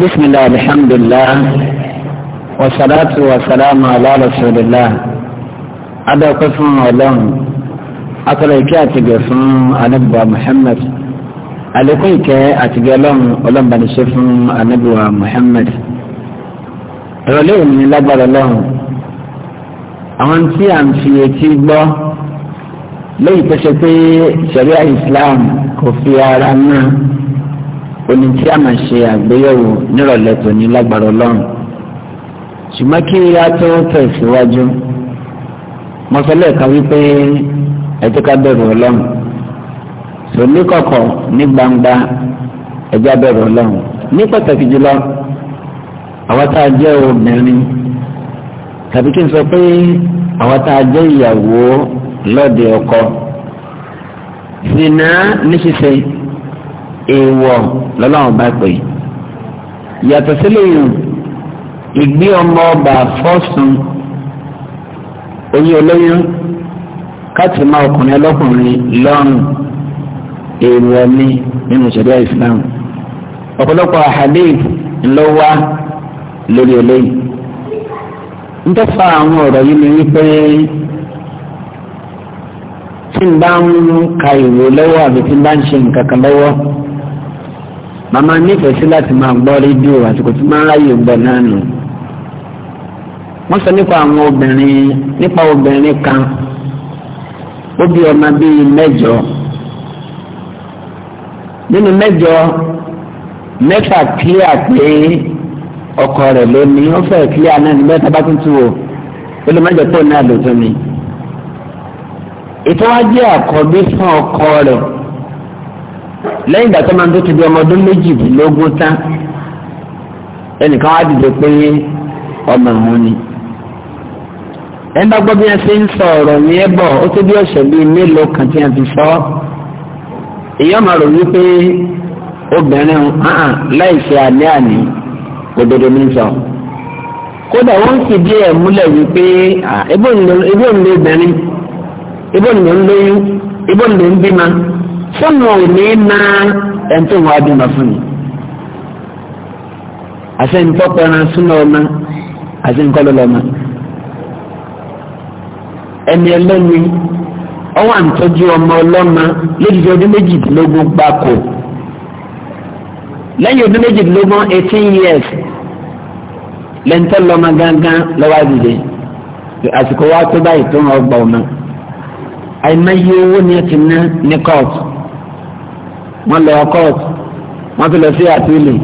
بسم الله الحمد لله والصلاة والسلام على رسول الله أدعوك فún Ọlọ́run atọ́lọ̀ ìkẹ́ àtìgẹ̀ fún anábìwá Muhammad àlékún ìkẹ́ àtìgẹ̀ Ọlọ́run ọlọ́mbanìṣẹ́ fún anábìwá Muhammad ìrọ̀lẹ́ òní ní lágbára Ọlọ́run àwọn tí a ń fi etí gbọ́ lẹ́yìn tó ṣe pé ṣẹ̀ríà Islam kò fi ara náà oní tí a máa ṣe àgbéyẹ̀wò nírọ̀lẹ́ tòní lágbára ọlọ́run ṣùgbọ́n kí a tó tẹ̀síwájú mo sọ lẹ́ẹ̀kan wípé ẹjẹ́ ká bẹ̀rù ọlọ́run sọ ní kọ̀kọ̀ ní gbangba ẹjẹ́ bẹ̀rù ọlọ́run ní pàtàkì jùlọ àwa tá a jẹ́ obìnrin tàbí kí n sọ pé àwa tá a jẹ́ ìyàwó lọ́ọ̀dẹ̀ ọkọ sìnà níṣìṣẹ́ èèwọ̀ lọ́lọ́run bá pè yàtọ sílẹ̀ yìí ìgbé ọmọ ọba fọsùn oyún olóyún káàtì máa ọkùnrin ọlọ́kùnrin lọ́rùn èèwọ̀ ni nínú Islam ọ̀pọ̀lọpọ̀ àhàdíìsì ńlọ lórí eléyìí ntọ́fà àwọn ọ̀rọ̀ yìí ni wípé tí n ka ìwé lọ́wọ́ àbí tí n bá màmá nífẹ̀ẹ́ sí láti máa gbọ́ rédíò àsìkò tí máa ń ráyè gbọ́ náà nù. wọ́n sọ nípa àwọn obìnrin nípa obìnrin kan ó bí ọmọ bíi mẹ́jọ nínú mẹ́jọ mẹ́fà kílíà pé ọkọ rẹ̀ ló ní ó fẹ́ kílíà náà ní mẹ́ta bá tuntun o ó lè mẹ́jọ tó náà lò ni. ìtọ́wájú àkọ́bí fún ọkọ rẹ̀. lẹ́yìn ìgbà tó máa ń tó ti di ọmọ ọdún tán ẹnìkan wá dìde pé ọmọ òun ni ẹ bá gbọ́ bí wọ́n ṣe ń sọ ọ̀rọ̀ bọ̀ ó tó bí ọ̀sẹ̀ bíi mélòó kan tí wọ́n fi sọ ọ́ ọmọ rò wípé obìnrin láì ṣe àní òdodo ní sọ kódà wọ́n bí ẹ̀ múlẹ̀ wípé ń lóyún ń bímọ. sọ́nà ò na máa ẹni tó wọ́n á dùn fún mi. àṣẹ ìtọ́pọ̀ ẹran súnà ọmọ àṣẹ ìkọlù lọ́mọ. ẹni ẹlẹ́ni ọwọ́ àǹtọ́jú ọmọ ọlọ́mọ lójijì ọdún méjìdínlógún gbáko lẹ́yìn ọdún méjìdínlógún eighteen years lẹ́ńtọ́ lọ́mọ gángan lọ́wọ́ àdìdè àsìkò wa tó báyìí tó ń ọgbà ọmọ àìmọye owó ni ẹ ti ná ní kóòtù. wọ́n lọ kóòtù wọ́n tún lọ sí àtúlẹ̀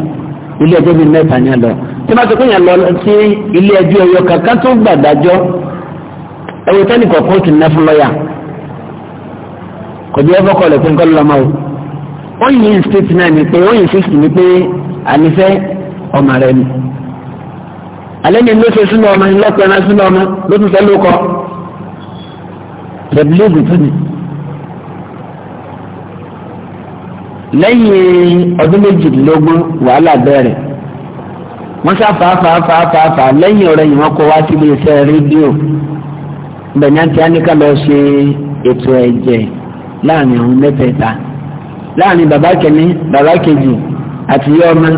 ilé ẹjọ́ bíi mẹ́ta yẹn lọ tí wọ́n ti kó yẹn lọ sí ilé ẹjọ́ ẹ̀yọ kankan tó gbàdájọ́ ẹ̀wọ̀ tẹ́lẹ̀ kọ̀ọ̀kan ti ná fún lọ́ọ̀yà kò jẹ́ fọ́kọ̀ lẹ̀ pé nǹkan lọ́mọ o ó yin state náà ni pé ó yin six ni pé ànífẹ́ ọmọ rẹ ni alẹ́ ni ló ṣe sínú ọmọ ni lọ́pẹ́ náà sínú ọmọ ló tún sẹ́ ló kọ́ rẹ̀ bílíọ̀gù ni. lẹ́yìn ọdún méjìlélógún wàhálà bẹ̀rẹ̀ wọ́n sá fàáfàáfàáfà lẹ́yìn ọ̀rẹ́ yìí wọ́n wá iṣẹ́ rédíò lọ ṣe ètò ẹ̀jẹ̀ láàrin àwọn mẹ́tẹ̀ẹ̀ta láàrin bàbá kẹni bàbá kejì àti yọ ọmọ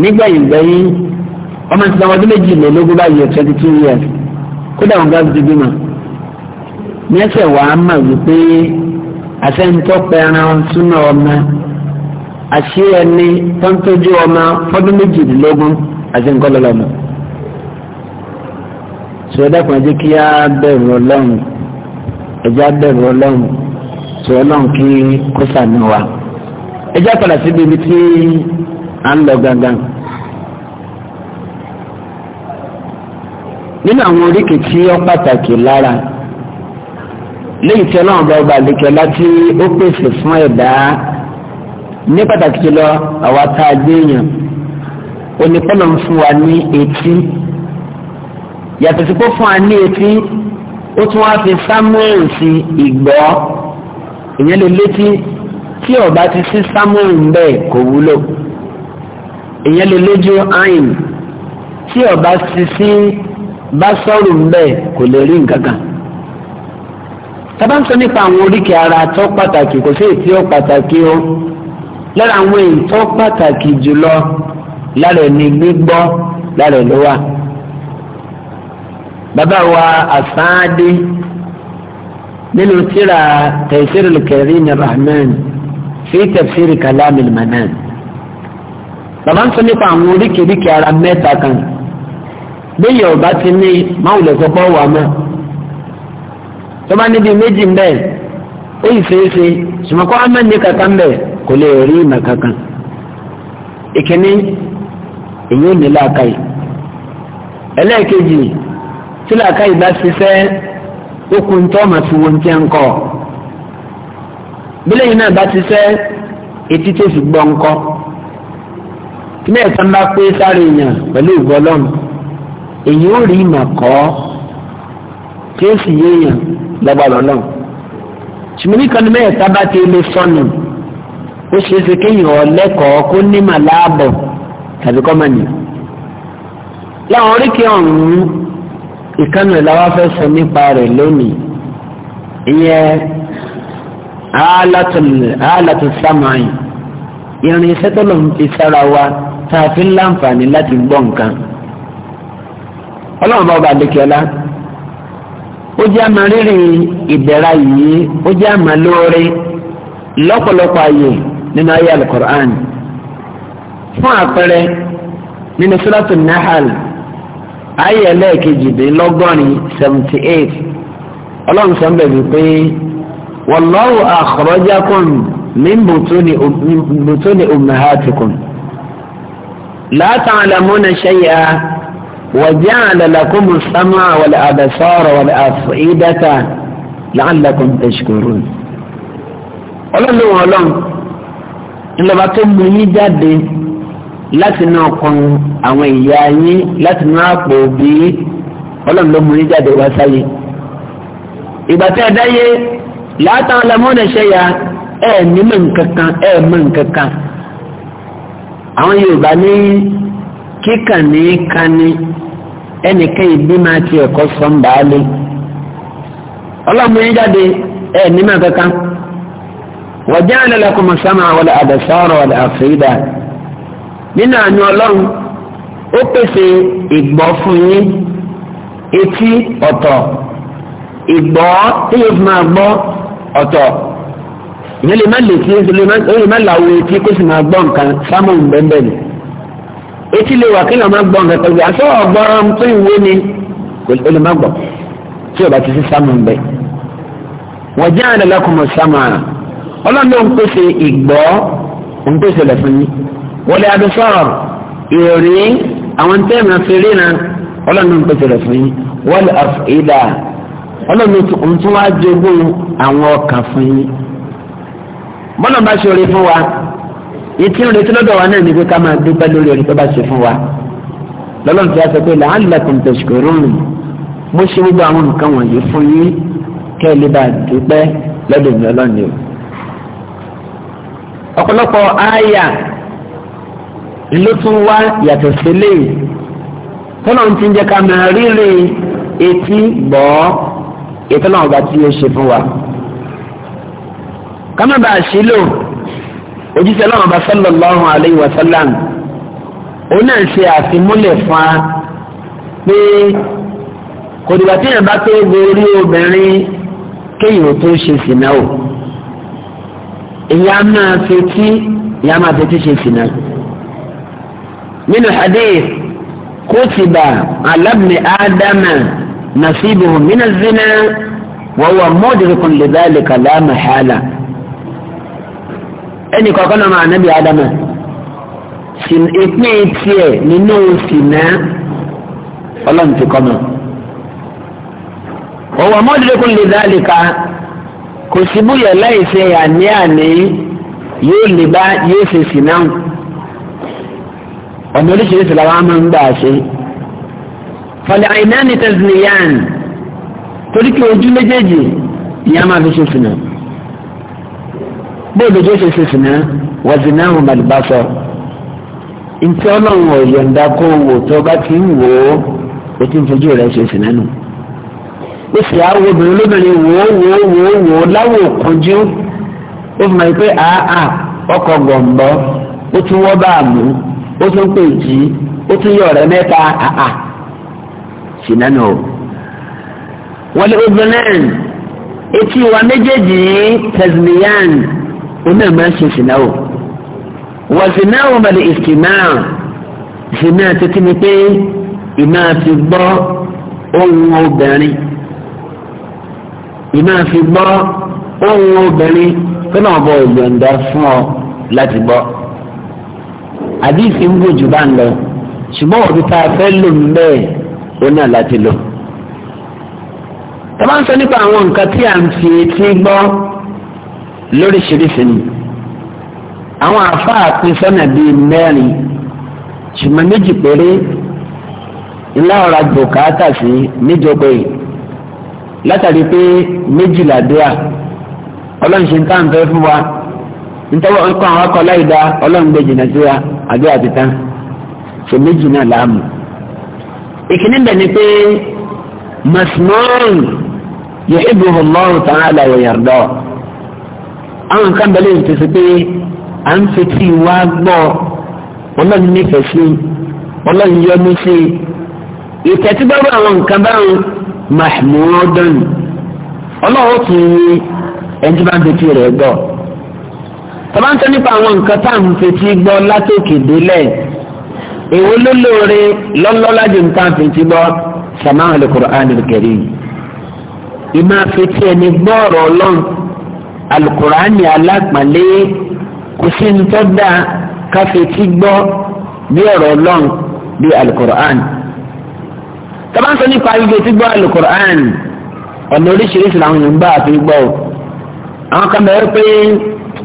nígbẹ̀yìn gbẹ̀yìn ọmọ ti báyìí twenty two years kódà wọn bímọ ní ẹsẹ̀ wàá àtẹnitọ́ pẹ̀ran súnà ọmọ àṣé ẹni tó ń tọ́jú ọmọ fọ́dún méjìlélógún àti nǹkan lọ́lọ́mọ. sọ̀dọ̀kùn ẹ̀jẹ̀ kí á bẹ̀rù ọlọ́run ẹ̀jẹ̀ á bẹ̀rù ọlọ́run sọ ọlọ́run kí kó sàmì wa. ẹ̀jẹ̀ àpàdà síbi ibi tí à gangan. nínú àwọn oríkèé tí lára lẹ́yìn tí ọlọ́run bá ọba àdékẹ́lá tí ó pèsè fún ẹ̀dá ní pàtàkì jùlọ àwa tá a gbé èèyàn onípọ́nà ń fún wa ní etí yàtọ̀ sí pé fún wa ní etí ó tún wá fi samuel sí ìgbọ́ ìyẹn lè létí tí ọba ti sí samuel bẹ́ẹ̀ kò wúlò ìyẹn lè lójú ayin tí ọba ti sí bá sọ́rù bẹ́ẹ̀ kò lè rí nǹkan kan tábà ń sọ nípa àwọn oríkèé ara tó pàtàkì kò sí ètí ó pàtàkì ó lára àwọn èyí tó pàtàkì jùlọ lára ẹni gbígbọ́ lára ẹ̀ ló bàbá wa àsáádé nínú tíra tẹ̀sírì kẹrin ní rahman fi tẹ̀sírì kalamil manan. bàbá ń sọ nípa àwọn oríkèéríkèé ara mẹ́ta kan bẹ́ẹ̀ yọ̀ bá ti ní máwùlẹ̀ sọ́kọ́ wà mọ́ tó bá níbi méjì ń bẹ ó yìí fèéfèé ṣùgbọ́n kó amẹ́ ní kankan ń bẹ kò lè rí ìmọ̀ kankan ìkíní èyí ò ní làákàyè ẹlẹ́ẹ̀kejì tí làákàyè bá ṣiṣẹ́ ó kú ń tọ́ màá fi wo ní tiẹ̀ ń kọ́ bílẹ̀ náà bá ṣiṣẹ́ etí tó fi gbọ́ ń kọ́ kíni ẹ̀sán bá pé sáré èèyàn pẹ̀lú ìgbọ́lọ́mù èyí ò rí ìmọ̀ kọ́ kí ó sì yé èèyàn lágbára ọlọ́run ṣùgbọ́n kan mẹ́ẹ̀ta bá ti lè sọnù ó ṣe é ṣe kéèyàn ọ̀lẹ́kọ̀ọ́ kó ní màláàbọ̀ tàbí kọ́ mọ̀nyì. láwọn oríkèé ọ̀hún ìkànnì làwọn fẹ́ sọ nípa rẹ̀ lónìí ìyẹn àálàtò sàmáì irin iṣẹ́ tó lòun sára wa tá a fi ń láǹfààní láti gbọ́ nǹkan. ọlọ́run bá ọba àdékẹ́lá ó jẹ́ àmà rírì ìdẹ̀ra yìí ó jẹ́ àmà lóore lọ́pọ̀lọpọ̀ ààyè nínú ayé alukur'an fún àpẹẹrẹ nínú sọ́lọ́tù nahal ayé ẹlẹ́ẹ̀kejìdínlọ́gọ́rin seventy eight ọlọ́run sọ bẹ́ẹ̀ wípé wallahu akhrajakum um-, min butuni ummahatikum la ta'lamuna shay'a. وجعل لكم السمع والأبصار والأفئدة لعلكم تشكرون ọlọ́run ọlọ́run ńlọba tó mú yín jáde láti inú ọkàn àwọn ìyá yín láti inú àpò òbí ọlọ́run ló mú yín jáde wá sáyé ìgbà tí a dáyé látàn ọlọ́mọdé ṣẹ́yà ẹ̀ nímọ̀ nǹkankan ẹ̀ mọ̀ nǹkankan àwọn Yorùbá ní kíkàn ní kání ẹnìkan ìbí máa ti ẹ̀kọ́ sọ́n báálé ọlọ́mọ yẹn jáde ẹ̀ nímọ̀ kankan wọ́jà lẹ́lẹ́kùn mọ̀sánmà wọlé àbẹ̀sọ́rọ̀ wọlé àfẹ́dà nínú àánú ọlọ́run ó pèsè ìgbọ́ fún yín etí ọ̀tọ̀ ìgbọ́ tí yóò fi máa gbọ́ ọ̀tọ̀ ìyẹn lè má lè tí ó lè má làwọ etí kó sì máa gbọ́ nǹkan sámọ̀ ń bẹ́ẹ̀ bẹ́ẹ̀ etí lè wà kí lè máa gbọ́ nǹkan kan gbé àṣọ ọ̀gbọ́n tó ìwé ni kò lè má gbọ́ tí ọba ti fi sámù bẹ́ wọ́n jẹ́ àdàlákùnmọ̀ sámù àrà ọlọ́run ń pèsè ìgbọ́ ń pèsè lẹ̀ fún yín wọlé adúsọ́ọ̀r ìròrí àwọn tẹ́ máa fi ríra ń pèsè lẹ̀ fún yín wọlé àfìdá ọlọ́run ń tún wá jogún àwọn ọkàn fún yín bọ́lá ìtí ń retí lọ́dọ̀ wa náà ni pé ká máa dúpẹ́ lórí orí tó bá ṣe fún wa lọ́lọ́run ti wá sọ pé la'allakum tashkurun mo ṣe gbogbo àwọn nǹkan wọ̀nyí fún yín kẹ́ ẹ lè bá dúpẹ́ lọ́dọ̀ mi ọlọ́run o. ọ̀pọ̀lọpọ̀ àyà ló tún wá yàtọ̀ sílẹ̀ tọ́lọ̀ ti ń jẹ́ ká máa ríre etí gbọ́ ètò tí ó ṣe fún wa. ká má bàa ṣílò òjíṣẹ́ lọ́wọ́ bá sallallahu alayhi wa sallam òun náà ṣe àfimúlẹ̀ fún wa pé kò dìgbà tí yẹn bá tó gorí obìnrin kéèyàn tó ṣe sìnà o ìyá máa fetí ìyá máa fetí ṣe sìnà nínú hadith kutiba ala ibni ádámà nasibuhu mina zina wa huwa mudirikun lidhalika la mahala ẹnì kọ̀ọ̀kan náà máa nábì ádámà ìpín tiẹ̀ nínú sìnà ọlọ́run ti kọ́ mọ́ òwò mọ́dúnlẹ́kùn lè dálìka kò sí búyọ̀ láìsí àní-àní yóò lè bá yóò ṣe sìnà ọ̀nà oríṣiríṣi làwọn máa ń gbà ṣe fọlẹ̀ àìnáni tẹ̀síníyàn torí kí ojú méjèèjì ìyá máa fi ṣe sìnà bóòlù tó ṣe ṣe sìnà wà sìnà àwọn màlúbà sọ ntí ọlọ́run ọ̀yọ̀ǹda kó wò tó bá ti ń wò ó o ti ń fojú rẹ̀ ṣe sìnà nù ó sì á wo obìnrin olóbìnrin wò ó wò ó wò ó wò ó láwò kánjú ó fi mọ̀ pé àá ọkọ̀ gbọ̀ǹbọ̀ ó tún wọ́ bá a mú ó tún pè jí ó tún yọ ọ̀rẹ́ mẹ́ta àá sìnà nù o wọlé obìnrin etí wa méjèèjì tẹ̀síníyàn oní ẹ̀ma ṣe sìnáwó wà sìnáwó balẹ̀ ìsìnáà sìnáà títí ni pé ìmá fi gbọ́ ohùn obìnrin ìmá fi gbọ́ ohùn obìnrin tó náà bọ̀ ìyọ̀ǹda fún ọ láti gbọ́ àdìsí ń gbòjù bá ń lọ ṣùgbọ́n wọ́n fi ta fẹ́ lò ń bẹ́ẹ̀ ó láti lò. tọ́ba ń sọ nípa àwọn nǹkan tí à ń fi etí gbọ́ lóríṣiríṣi ni àwọn àfáà pín sọ́nà bíi mẹ́rin ṣùgbọ́n méjì péré ńlá ọ̀rọ̀ àgbòkátà sí níjọba yìí látàrí pé méjìlá dúà ọlọ́run ṣe ń tán fẹ́ fún wa nítorí ọkọ àwọn akọ láì dá ọlọ́run gbé jìnnà sí wa àbí àtìtán ṣe méjì náà láàmú. ìkíní bẹ̀ ni pé masmọ́ọ̀n yóò ibu Allahu ta'ala wa yarda àwọn nǹkan bẹ̀lẹ̀ ń tẹ̀sí pé à ń fetí wá gbọ́ ọlọ́run nífẹ̀ẹ́ sí ọlọ́run yọ́nú sí ìtẹ̀síbọ́rọ̀ àwọn nǹkan báwọn mahmudan ọlọ́run kì í ẹni tí bá ń fetí rẹ̀ gbọ́ tọ́ba ń tẹ́ nípa àwọn nǹkan tá à ń fetí gbọ́ látòkè délẹ̀ èwo ló lóore lọ́lọ́lá jù ń fetí gbọ́ sàmáhàn lè Qur'anul Karim ìmáa fetí ẹni gbọ́ ọ̀rọ̀ ọlọ́run alukurani alápọ̀nlé kò sí ní tó dáa káfíńtì gbọ́ bí ọ̀rọ̀ ọlọ́run bí alukurani tabanso nípa ibi tí gbọ́ alukur'an ọ̀nà oríṣiríṣi làwọn èèyàn gbà àti gbọ́ o àwọn kan bẹ̀rẹ̀ pé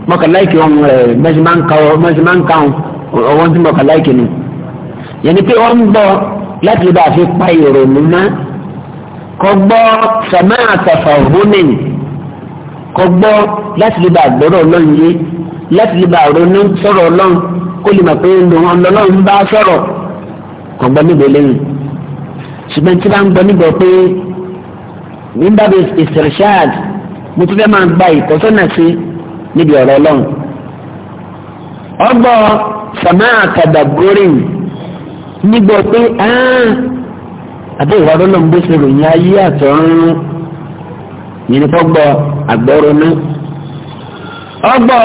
mọ̀kànláìkì ohun rẹ̀ mẹ́sì máa ń ka ọwọ́n ni yẹnni pé wọ́n ń láti bá fi pa ìrònú ná kọ́ gbọ́ sàmáà tàfà òhúnìí kọ́ gbọ́ láti lè bá àgbọ̀rọ̀ ọlọ́run yé láti lè bá ronú sọ̀rọ̀ ọlọ́run kó lè mọ̀ pé lòun ọlọ́run bá sọ̀rọ̀ kọ́ gbọ́ níbo lẹ́yìn ṣùgbọ́n tí bá ń gbọ́ níbo pé nígbà bí ìsirṣáàd mo tún fẹ́ máa gba ìtọ́sọ́nà sí níbi ọ̀rọ̀ ọlọ́run ọgbọ́ sàmáà kàdàgórìn nígbà pé àbẹ́ ọlọ́run bó ṣe ròyìn ayé àtọ̀run yìnyín tó àgbọ̀rọ̀nú. ọgbọ́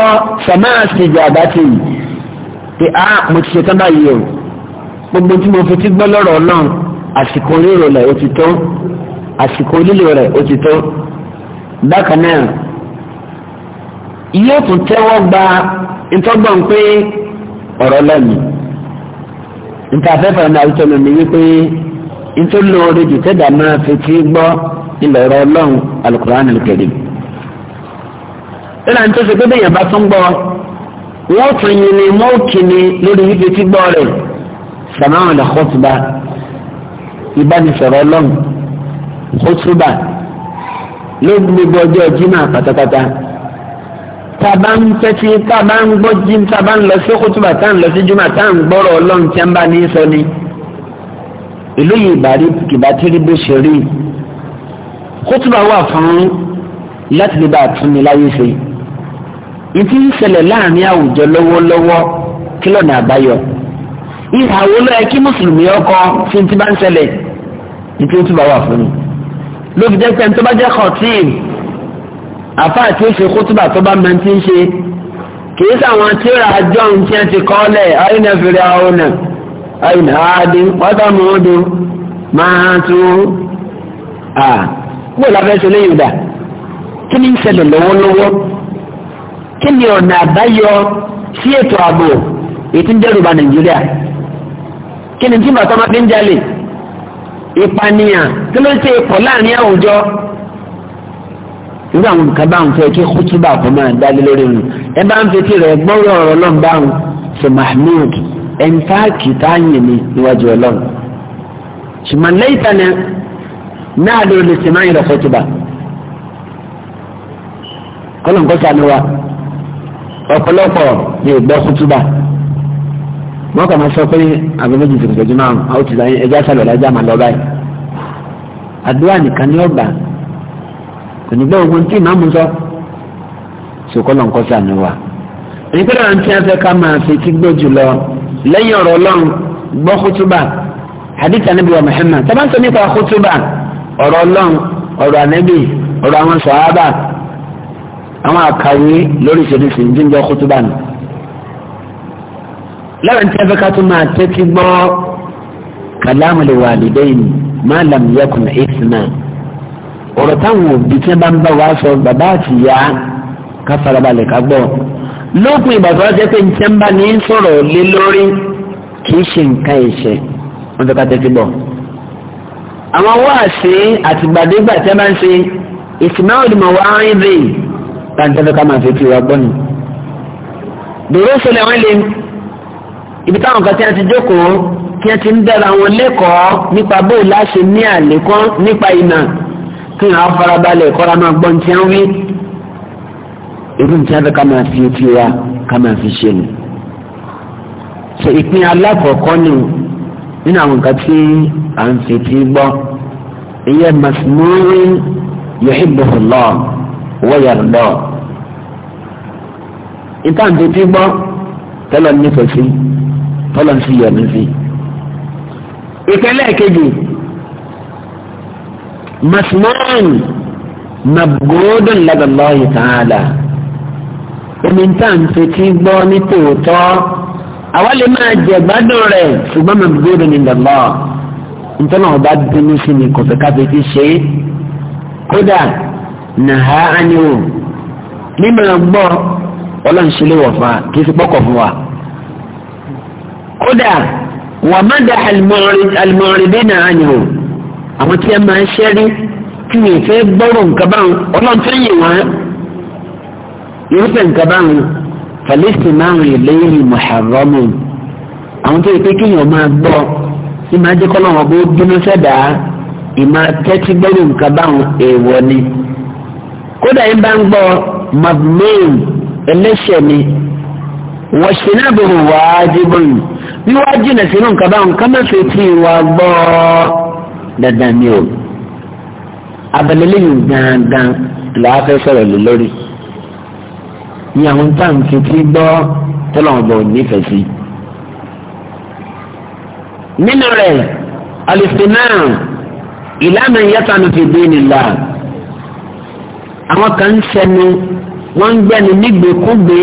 sàmáàsì ìjà àbátì yìí pé a mo ti ṣetán báyìí o gbogbo tí mo fi ti gbọ́ lọ́rọ̀ náà àsìkò rírò rẹ̀ ó ti tó àsìkò lílo rẹ̀ ó ti tó bákan náà yóò tún tẹ́wọ́ gba ntọ́gbọ̀n pé ọ̀rọ̀ lẹ́nu ntàfẹ́fẹ́ náà wíjọ́ lónìí wípé ntòlóore jù tẹ́dà máa fi ti gbọ́ ilẹ̀ ọ̀rọ̀ ọlọ́run alukur'an alkarim lọ́la ní tó ṣe pé bẹ́ẹ̀ yẹn bá tún gbọ́ wọ́n tún yin ni wọ́n kì ni lórí ibi tí gbọ́ rẹ̀ sàmáhàn lè kọ́tùbà ìbánisọ̀rọ̀ ọlọ́run kọ́tùbà ló gbogbo ọjọ́ jimá pátápátá tá a bá ń tẹ́tí tá a bá ń gbọ́ jim tá a bá ń lọ sí kọ́tùbà tá a ń lọ sí jimá tá a ń gbọ́rọ̀ ọlọ́run tí a ń bá ní sọ ni ìlú yìí ìbàrí kìbá tírí bó ṣe rí kọ́tùbà wà fún láti lè bá a tún ní láyé ṣe ìtí ń ṣẹlẹ̀ láàrin àwùjọ lọ́wọ́lọ́wọ́ kí lọ́nà àbáyọ. ìhà wo ló yẹ kí mùsùlùmí ọkọ fi ti bá ń ṣẹlẹ̀ ìtí ó túbọ̀ wà fún mi. ló fi jẹ́ pé tó bá jẹ́ kọ̀tíìn àfáà tí ó ṣe kótóbà tó bá mẹ́ntì ń ṣe kìí sáwọn tí ó ra àjọ tí wọ́n ti kọ́ lẹ̀ ọ̀yìn àwọn ọ̀nà ọ̀yìn náà á ó dín máa tún à. bó o la fẹ́ kí ni ń ṣẹlẹ̀ lọ́wọ́lọ́wọ́ kí ni ọ̀nà àbáyọ sí ètò ààbò ètí ń dẹ́rùbà nàìjíríà kí ni tí bàtà máa fi ń jalè ìpànìyàn kí ló ṣe ipò láàrin àwùjọ irú àwọn nǹkan bá ń fẹ́ kí kútúbà kó máa dálé lórí wọn ẹ bá ń fetí rẹ̀ gbọ́rọ̀ ọ̀rọ̀ ọlọ́run bá wọn sọ mahmood ẹnfààkì táyìn ní iwájú ọlọ́run ṣùgbọ́n lẹ́yìn tánà náà lórí lè ṣe máa ń rẹ̀ kọ́lọ̀ ń kọ́ sànú wa ọ̀pọ̀lọpọ̀ ní ìgbọ́ sútúbà wọ́n kàn máa sọ pé àbí méjì ti kùtẹ́jú máa a ó ti láyé ẹja sàlọ̀ lájà máa lọ báyìí àdúrà nìkan ní ọgbà kò ní gbọ́ ogun tí ìmáàmù sọ sòkòlò nǹkan sànù wa èyí pé láwọn tí a fẹ́ ká máa fi ti gbé jùlọ lẹ́yìn ọ̀rọ̀ ọlọ́run gbọ́ kútúbà hadith anabi wa Muhammad tọ́ba ń sọ nípa kútúbà ọ̀rọ̀ ọlọ́run ọ̀rọ̀ anabi ọ̀rọ̀ àwọn sọ̀hábà àwọn àkàwé lórí ìṣèlúṣe ní jíjọ kútúbà nù. lẹ́wọ̀n tí a fẹ́ ká tún máa tẹ́tí gbọ́ kàlámù lè wà lédèyìn má làm yẹkùn ìsìnà ọ̀rọ̀ táwọn òbí tí wọ́n bá ń bá wa sọ bàbá àti ìyá ká farabalẹ̀ ká gbọ́ lópin ìgbà tó wá jẹ́ pé njẹ́ ń bá ní sọ̀rọ̀ lé lórí kì í ṣe nǹkan ìṣe wọ́n fẹ́ ká tẹ́tí gbọ́. àwọn wáàsí àtìgbàdégbà tí wọ́n bá ń ṣe ìsìnmáwòdìmọ̀ wá ń rìn táǹtẹ́fẹ́ ká máa fi kiri wa gbọ́ ni. dòró sọlẹ̀ wọ́n lé ibi táwọn kan tí wọ́n ti jókòó tí wọ́n ti ń dára wọn lẹ́kọ̀ọ́ nípa bóyá láṣẹ ní àlékọ́ nípa ìnà kí wọ́n á farabalẹ̀ kọ́ra máa gbọ́n tí wọ́n wí. irú ní táǹtẹ́fẹ́ ká máa fi kiri wa ká máa fi ṣe ni. sọ ìpín alákọ̀ọ́kọ́ ni nínú àwọn nǹkan tí à ń fi ti gbọ́ ìyẹn masmúrin yóò wọ́yàrá náà ìtàǹtì tí gbọ́ tọ́lọ̀ nífẹ̀ẹ́ sí tọ́lọ̀ sí yọ̀mí sí. ìpínlẹ̀ kejì masmọ́ọ̀n mabgodun ladallahi ta'ala omi ìtàǹtì tí gbọ́ ní tòótọ́ àwọn lè máa jẹ gbádùn rẹ̀ ṣùgbọ́n mabgodun ní lọ́lọ́ nítorí àwọn bá bínú sí ni kò káfíńtì ṣe é kódà nàá ánìwò mímìíràn gbọ́ ọlọ́nṣẹ́lẹ̀ wọ̀fà kì í fi pọ́kọ̀ fún wa. kódà wọ́n má da àlùmọ̀rìn bí nàá ánìwò àwọn tí a máa ń ṣẹ́rí kí ni ìfẹ́ gbọ́rọ̀ nǹkan báwọn ọlọ́nṣẹ́ yìí wọ́n irúfẹ́ nǹkan báwọn fàlẹ́sì márùn ìlẹ́yìn mọ̀hàrọ́mù àwọn tó yẹ pé kéèyàn máa gbọ́ ní máa jẹ́ kọ́ bó dúró sẹ́dá tẹ́tí gbọ́rọ̀ nǹkan báwọn èèwọ̀ ni kódà yín bá ń gbọ́ mabmin ẹlẹ́ṣẹ̀ ni wọ̀ṣìnàbò wájibun bí wàá jìnà sínú nǹkan báwọn nǹkan má fi tí wàá gbọ́ dandan ni o abalẹ́lẹ́yìn dandan làá fẹ́ sọ̀rọ̀ lé lórí ní àwọn táǹkì tí gbọ́ tọ́lọ́wọ́n bọ̀ nífẹ̀ẹ́ sí. nínú rẹ̀ alìsínà ìlànà yẹtanu fi dín nílá àwọn kan ń sẹni wọ́n ń gbẹ́ni nígbèkúgbè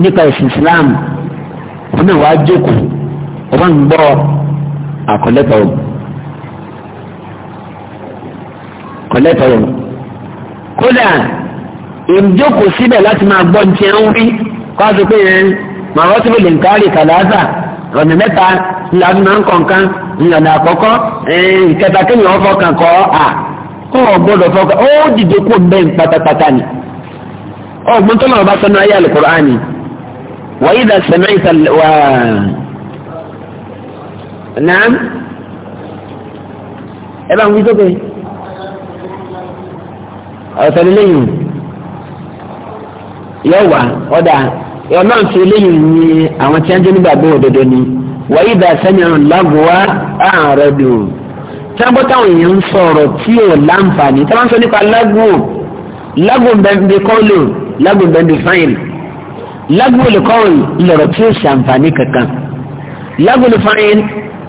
nípa ìsìn Islam wọ́n náà wàá jókòó wọ́n ń gbọ́ àkọlẹ́tọ̀ ọ̀hún. kọ̀lẹ́tọ̀ ọ̀hún. kódà ìjókòó síbẹ̀ láti máa gbọ́ ní ti ń rí kó a sọ pé yẹn màá rọ́ọ̀tì lè ń kárì kàlàáfà ọ̀nà mẹ́ta ńlá máa ń kọ̀ọ̀kan ńlá àkọ́kọ́ ìkẹta kéèyàn ọ̀fọ̀ kan kọ́ à ọ gbọ́dọ̀ fọkà ó dìde kó bẹ́ẹ̀ pátápátá ni ọgbọ́n tó náà bá sọ náà ayé alukur'ani wàyí dà sẹ́mi ìsàlẹ̀ wà náà ẹ bá ń wí sókè ọ̀sẹ̀ lẹ́yìn yọ wà ọ̀dà ọlọ́run ti lẹ́yìn ní àwọn tí wọ́n jẹ́ nígbàgbọ́ òdodo ni wàyí dà sẹ́mi ìsàlẹ̀ wà àárẹ̀ dùn tábọ́ táwọn èèyàn ń sọ̀rọ̀ tí ò láǹfààní táwọn sọ nípa lágùn lágùn bẹ́ẹ̀ kọ́lù lágùn bẹ́ẹ̀ fáìl lágùn olùkọ́rin lọ̀rọ̀ tí ò ṣàǹfààní kankan lágùn fáìl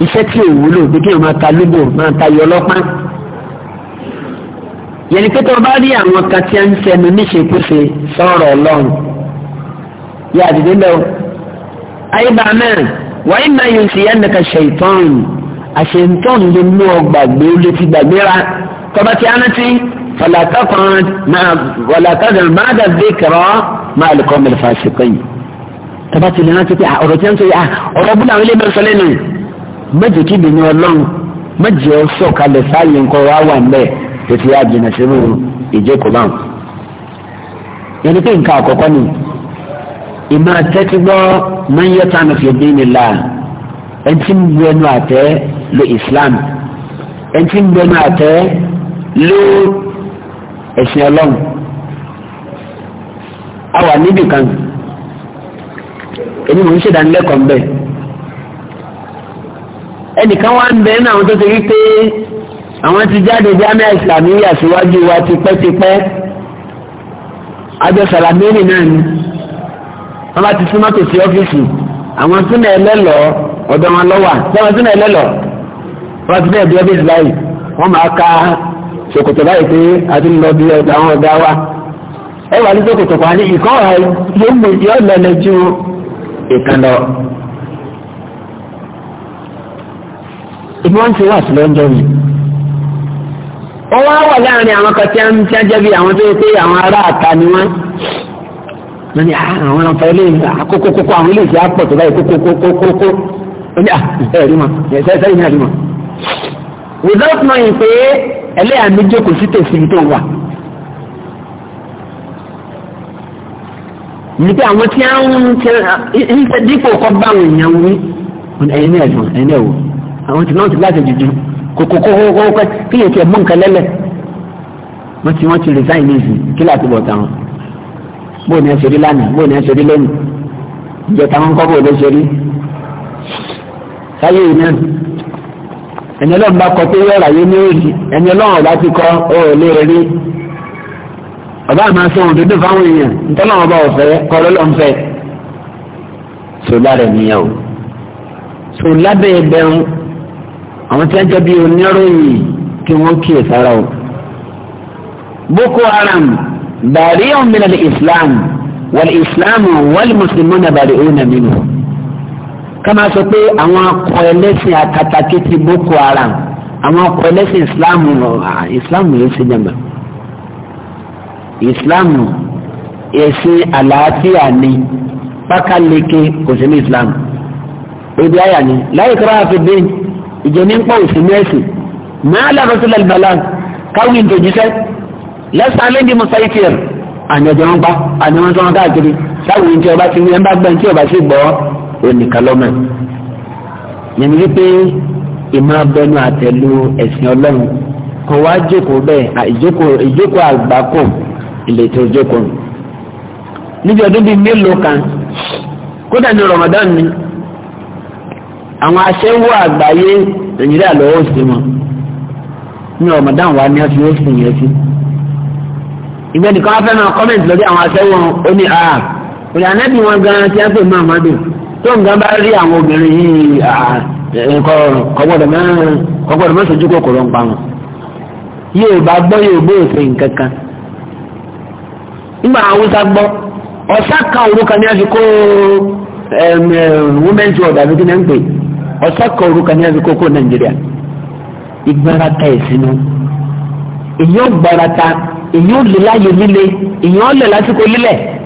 iṣẹ́ tí ò wúlò bí kí o máa ta lóbò máa ta yọ ọlọ́pàá yẹnni pé tó bá rí àwọn kan tí a ń sẹnu níṣekúṣe sọ̀rọ̀ ọlọ́run yà á dìde lọ ayé bá náà wàá ìmọ̀ ayé ń ṣe yẹn nìkan ṣe ìtọ́rùn àṣetán lè mú ọ gbàgbé ó lè fi gbàgbé ra tọ́ba ti rántí fọlàtàkùn máa dàbí kẹrọ máa lè kọ́ mẹ́lẹ̀ fàṣẹkọ yìí tọ́ba ti rántí pé ah, ọ̀rọ̀ tí wọ́n sọ yìí ah, ọ̀rọ̀ búlọ̀ àwọn ilé mẹ́rin sọ lẹ́nu méjì kí bìíní ọlọ́run méjì ọ sọ̀kalẹ̀ sáàyè nǹkan wà wà ń bẹ̀ tètè àjìnà sínú ìjókòó báwọn. yẹn ni pé nǹkan àkọ́kọ́ ni ìmọ̀ àtẹ́tígbọ́ máa ń yẹ tánù fi lo islam ẹni tí ń gbẹnu àtẹ́ lo ẹ̀sìn ọlọ́run a wà níbì kan èmi mò ń ṣèdánilẹ́kọ̀ọ́ mbẹ́ ẹnìkan wá ń bẹ nínú àwọn tó ti rí pé àwọn ti jáde jámẹ́ ìsìlámíyà síwájú wa tipẹ́tipẹ́ àjọ sàlámẹ́rì náà ni wọ́n bá ti súnmọ́tò sí ọ́fíìsì àwọn súnmọ́ ẹlẹ́lọ́ọ́ ọ̀dọ̀ wọn lọ́wà tí súnmọ́ ẹlẹ́lọ́ọ́ wọ́n ti ọdún ìsìn wọ́n máa ka ṣòkòtò báyìí pé a ti lọ bí àwọn wa ní ṣòkòtò kan ní ìkọ́ ọ̀hà yóò mú yọ lẹ́lẹ̀ ju ìkan lọ. ti wà sí ó wá wà láàrin àwọn kan tí a ń jẹ́ bí àwọn tó pé àwọn ará àta ni wọ́n wọ́n ah, without knowing pé ẹlẹ́yà mi jókòó sí tòsí tó wà. níbi àwọn tí a ń tẹ dípò kọ́ bá àwọn èèyàn wí ẹ̀yin ní ẹ̀dùn ẹ̀yin ní ẹ̀wò àwọn tí náà ti láti jùjú kòkòkòkòkò kí lè tiẹ̀ mú nǹkan lẹ́lẹ̀ wọ́n ti wọ́n ti resign ní ìsìn kí láti bọ̀ táwọn bóò ní ẹsẹ̀ rí lánàá bóò ní ẹsẹ̀ rí lónìí ìjọ táwọn kọ́ bóò ló ṣe rí sáyé yìí náà ẹni ọlọ́run bá kọ pé yọ̀ọ̀rọ̀ ayé ní òòlì ẹni ọlọ́run ọba ti kọ òòlì rí ọba àmà sọ ohun dúdú fáwọn èèyàn ntọ́lọ́run ọba ọ̀fẹ́ kọ́ ọlọ́run fẹ́ sọlá rẹ̀ nìyẹn o sọlá bẹ́ẹ̀ bẹ́ẹ̀ àwọn tí wọ́n jẹ́ bí oníròyìn kí wọ́n kíyè sára o boko haram bàrí ọ̀mìnira islam wàlí islam wàlí mùsùlùmí náà bàrí òun náà mímu. Kama máa sọ pé àwọn akọ ẹlẹ́sìn akatakiti boko haram àwọn akọ ẹlẹ́sìn islam islam yìí ṣe jẹ́ islam ẹ̀sìn àlàáfíà ni pákáleke kò sí ní islam ebi aya ni láyé kọ́ra àfi dé ìjọ ní pọ̀ òsì mẹ́sì máa lábẹ́ sílẹ̀ ìbàlá káwí ìtòjíṣẹ́ lẹ́sàn-án lẹ́ndì mọ́sáyí tiẹ̀ àyànjọ́ wọn pa àyànjọ́ wọn káàkiri táwọn ìjọba ti ní ẹ̀ ń bá gbẹ̀ tí ọba sì onìkan lọ́mọ. yẹn wípé ìmọ̀ abẹnú àtẹ̀lù ẹ̀sìn ọlọ́run kò wá jókòó bẹ́ẹ̀ ìjókòó àgbákò ìletò jókòó. níbi ọdún bíi mélòó kan kódà ní Ramadan ni àwọn aṣẹ́wó àgbáyé nàìjíríà lọ́wọ́ sí wọn ní Ramadan wa ni wọ́n fi wọ́n sì yẹn sí ìgbẹ́ nìkan wá fẹ́ máa kọ́mẹ̀ntì lórí àwọn aṣẹ́wó oní àà òní ànẹ́bí wọn gan-an ti á pè mọ́ àmọ́dún tó nǹkan bá rí àwọn obìnrin yìí nǹkan kọ́gbọ́dọ̀ mẹ́rin kọ́gbọ́dọ̀ mẹ́rin sojú kòkòrò ń pa wọn yóò bá gbọ́ yóò gbé òfin nǹkan nígbà Haúsá gbọ́ ọ̀sá kan òrukàn ní àfikó women's world àfikún ẹ̀ ń pè ọ̀sá kan òrukàn ní àfikó kó Nàìjíríà ìgbárata ìsinú èyí ò gbárata èyí ò lè láyé líle èyí ò lè lásìkò lílẹ̀.